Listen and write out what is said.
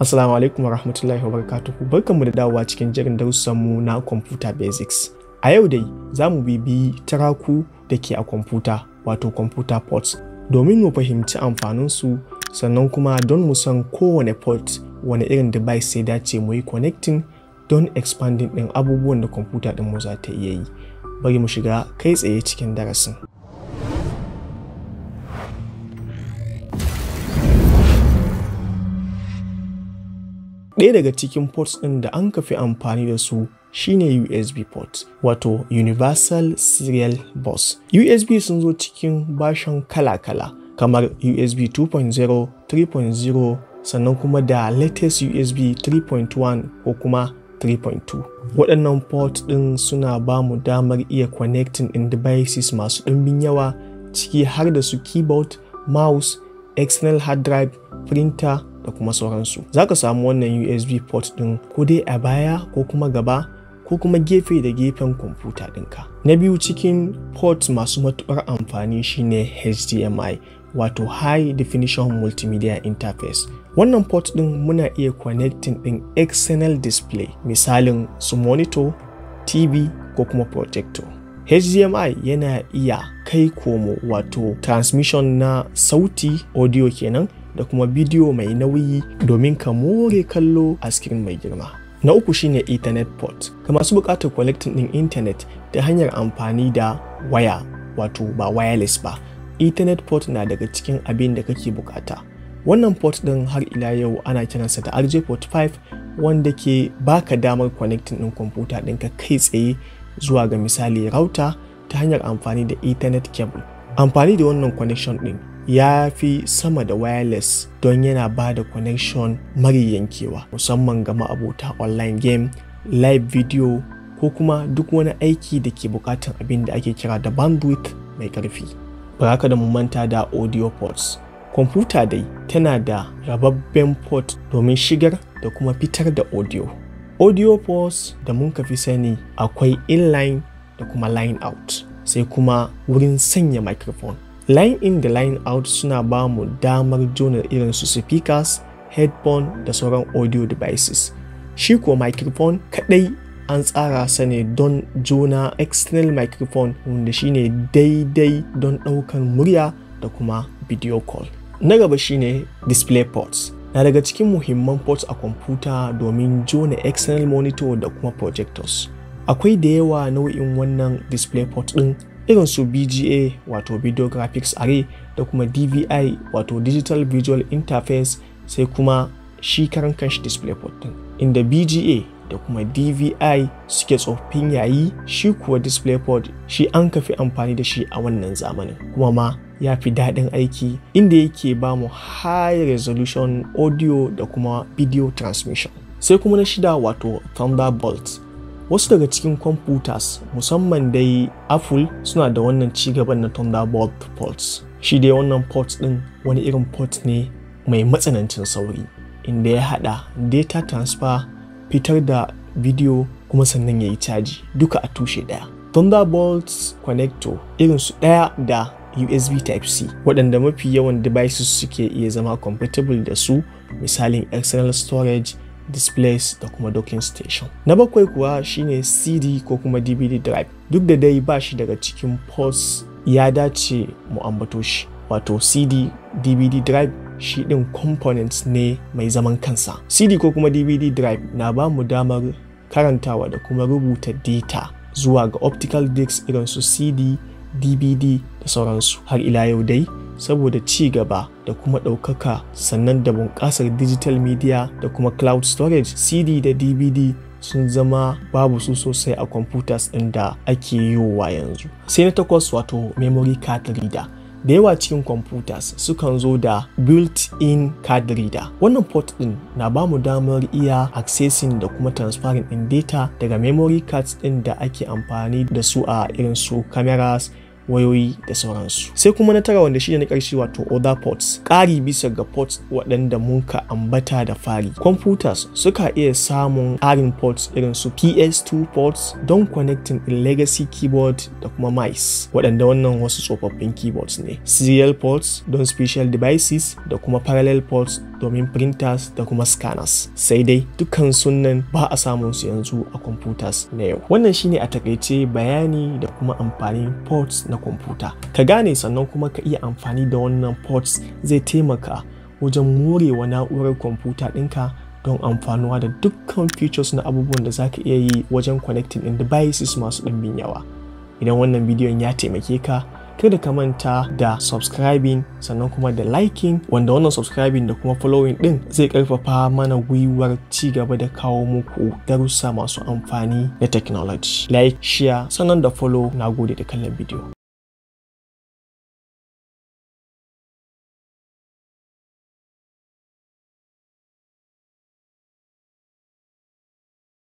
Assalamu alaikum wa rahmatullahi wa barakatuhu barkanmu da dawowa cikin jirin mu na Computer Basics. A yau dai za mu bibiyi taraku da ke a kwamfuta wato computer ports domin mu fahimci amfaninsu sannan kuma don mu san kowane port wani irin device sai dace mu yi connecting don expanding ɗin abubuwan da kwamfuta ɗin mu za ta iya yi. Bari mu shiga kai tsaye cikin darasin. Ɗaya daga cikin ports ɗin da an kafi amfani da su shine USB port wato Universal Serial Bus. USB sun zo cikin bashin kala-kala kamar USB 2.0, 3.0 sannan kuma da latest USB 3.1 ko kuma 3.2. Waɗannan port ɗin suna ba mu damar iya connecting in devices masu ɗimbin yawa ciki har da su keyboard, mouse, external hard drive, printer da kuma sauransu za ka samu wannan usb port ɗin ko dai a baya ko kuma gaba ko kuma gefe da gefen kwamfuta ɗinka na biyu cikin port masu matuƙar amfani shine hdmi wato high definition multimedia interface wannan port ɗin muna iya connecting ɗin external display misalin su monitor tv ko kuma projector HDMI yana iya kai komo wato transmission na sauti audio kenan da kuma bidiyo mai nauyi domin ka more kallo a screen mai girma. Na uku shine Ethernet port. Ga masu buƙatar collecting ɗin internet ta hanyar amfani da waya, wato ba wireless ba. Ethernet port na daga cikin abin da kake bukata. Wannan port ɗin har ila yau ana kiransa da RJ45 wanda ke baka damar connecting ɗin kwamfuta ka kai tsaye zuwa ga misali router ta hanyar amfani da Ethernet cable. Amfani da wannan connection ɗin ya fi sama da wireless don yana ba da connection mari yankewa musamman ga ma'abota online game live video ko kuma duk wani aiki da ke bukatan abin da ake kira da bandwidth mai karfi ba haka da mu manta da audio ports kwamfuta dai tana da rababben port domin shigar da kuma fitar da audio audio ports da mun kafi sani akwai inline da kuma line out sai kuma wurin sanya microphone line in da line out suna ba mu damar jona irin su speakers headphone da sauran audio devices shi ko microphone kadai an tsara sa don jona external microphone wanda shine daidai don ɗaukar murya da kuma video call na gaba shine display ports na daga cikin muhimman ports a kwamfuta domin jona external monitor da kuma projectors akwai da yawa nau'in wannan display port din? irin su BGA wato Video Graphics Array da kuma DVI wato Digital Visual Interface sai kuma shi karan kanshi display ɗin inda BGA da kuma DVI suke tsoffin yayi shi kuwa DisplayPort shi an kafi amfani da shi a wannan zamanin kuma ma ya fi daɗin aiki inda yake ba mu high resolution audio da kuma video transmission sai kuma na shida wato Thunderbolt wasu daga cikin kwamfutas musamman dai apple suna da wannan cigaban na thunderbolt ports shi dai wannan port din wani irin port ne mai matsanancin sauri inda ya hada data transfer fitar da bidiyo kuma sannan ya yi caji duka a tushe daya thunderbolt connector irin su daya da USB Type-C waɗanda mafi yawan devices suke iya zama compatible da su misalin external storage displays da kuma docking station na bakwai kuwa shine cd ko kuma dvd drive duk da dai ba shi daga cikin pos ya dace mu ambato shi wato cd dvd drive shi din components ne mai zaman kansa cd ko kuma dvd drive na ba mu damar karantawa da kuma rubuta data zuwa ga optical discs irin su cd dvd da sauransu har ila yau dai saboda ci gaba da kuma ɗaukaka sannan da bunƙasar digital media da kuma cloud storage cd da dvd sun zama babu su sosai a computers ɗin da ake yiwuwa yanzu sai na takwas wato memory card reader da yawa cikin computers sukan zo da built-in card reader wannan port ɗin na ba mu damar iya accessing da kuma transferring in data daga memory cards ɗin da ake amfani da su a irin su cameras wayoyi da sauransu sai kuma na tara wanda shi na karshe wato other ports ƙari bisa ga ports waɗanda ka ambata da fari computers suka iya samun ƙarin ports irin su ps2 ports don connecting legacy keyboard da kuma mice waɗanda wannan wasu tsofaffin keyboards ne serial ports don special devices da kuma parallel ports domin printers da kuma scanners sai dai dukkan sunan ba a samun su yanzu a computers na yau wannan shine a takaice bayani da kuma amfanin ports na kwamfuta ka gane sannan kuma ka iya amfani da wannan ports zai taimaka wajen morewa na'urar kwamfuta ɗinka don amfanuwa da dukkan features na abubuwan da zaka iya yi wajen connecting in devices masu ɗimbin yawa idan wannan bidiyon ya taimake ka kada ka manta da subscribing sannan kuma da liking wanda wannan subscribing da kuma following ɗin zai karfafa mana gwiwar ci gaba da kawo muku darussa masu amfani da technology like share sannan da follow na gode da kallon bidiyo